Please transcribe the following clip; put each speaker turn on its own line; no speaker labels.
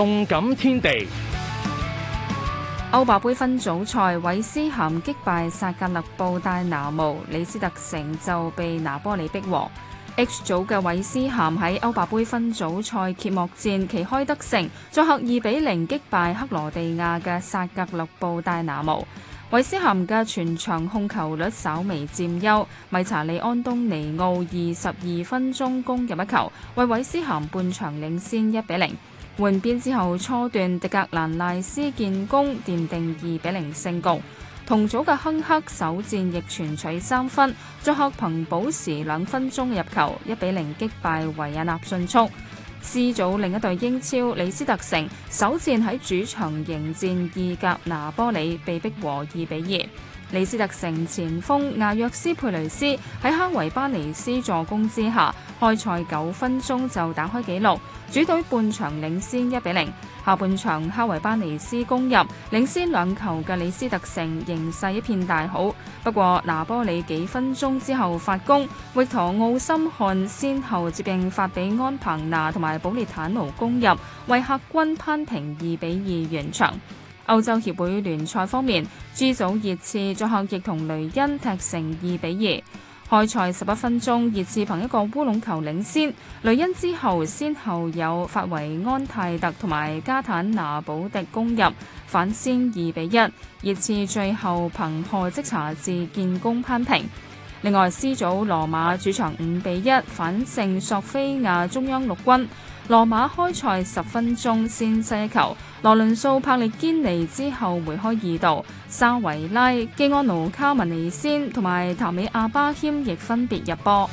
動感天地，歐霸杯分組賽，韋斯咸擊敗薩格勒布戴拿模，李斯特城就被拿玻里逼和。H 組嘅韋斯咸喺歐霸杯分組賽揭幕戰旗開得勝，作客二比零擊敗克羅地亞嘅薩格勒布戴拿模。韋斯咸嘅全場控球率稍微佔優，米查利安東尼奧二十二分鐘攻入一球，為韋斯咸半場領先一比零。換邊之後，初段迪格蘭賴斯建功，奠定二比零勝局。同組嘅亨克首戰亦全取三分，作客憑保時兩分鐘入球，一比零擊敗維也納迅速。C 組另一隊英超李斯特城，首戰喺主場迎戰意甲拿玻里，被逼和二比二。李斯特城前鋒亞約斯佩雷斯喺哈維巴尼斯助攻之下，開賽九分鐘就打開紀錄，主隊半場領先一比零。下半場哈維巴尼斯攻入，領先兩球嘅李斯特城形勢一片大好。不過拿玻里幾分鐘之後發功，域陀奧森漢先後接應發俾安彭拿同埋保列坦奴攻入，為客軍攀平二比二完場。歐洲協會聯賽方面，G 組熱刺作客亦同雷恩踢成二比二。開賽十一分鐘，熱刺憑一個烏龍球領先，雷恩之後先後有法維安泰特同埋加坦拿保迪攻入，反先二比一。熱刺最後憑破積查至建功攀平。另外，C 組羅馬主場五比一反勝索菲亞中央陸軍。羅馬開賽十分鐘先失球，羅倫素柏力堅尼之後梅開二度，沙維拉、基安奴卡文尼先同埋塔美亞巴謙亦分別入波。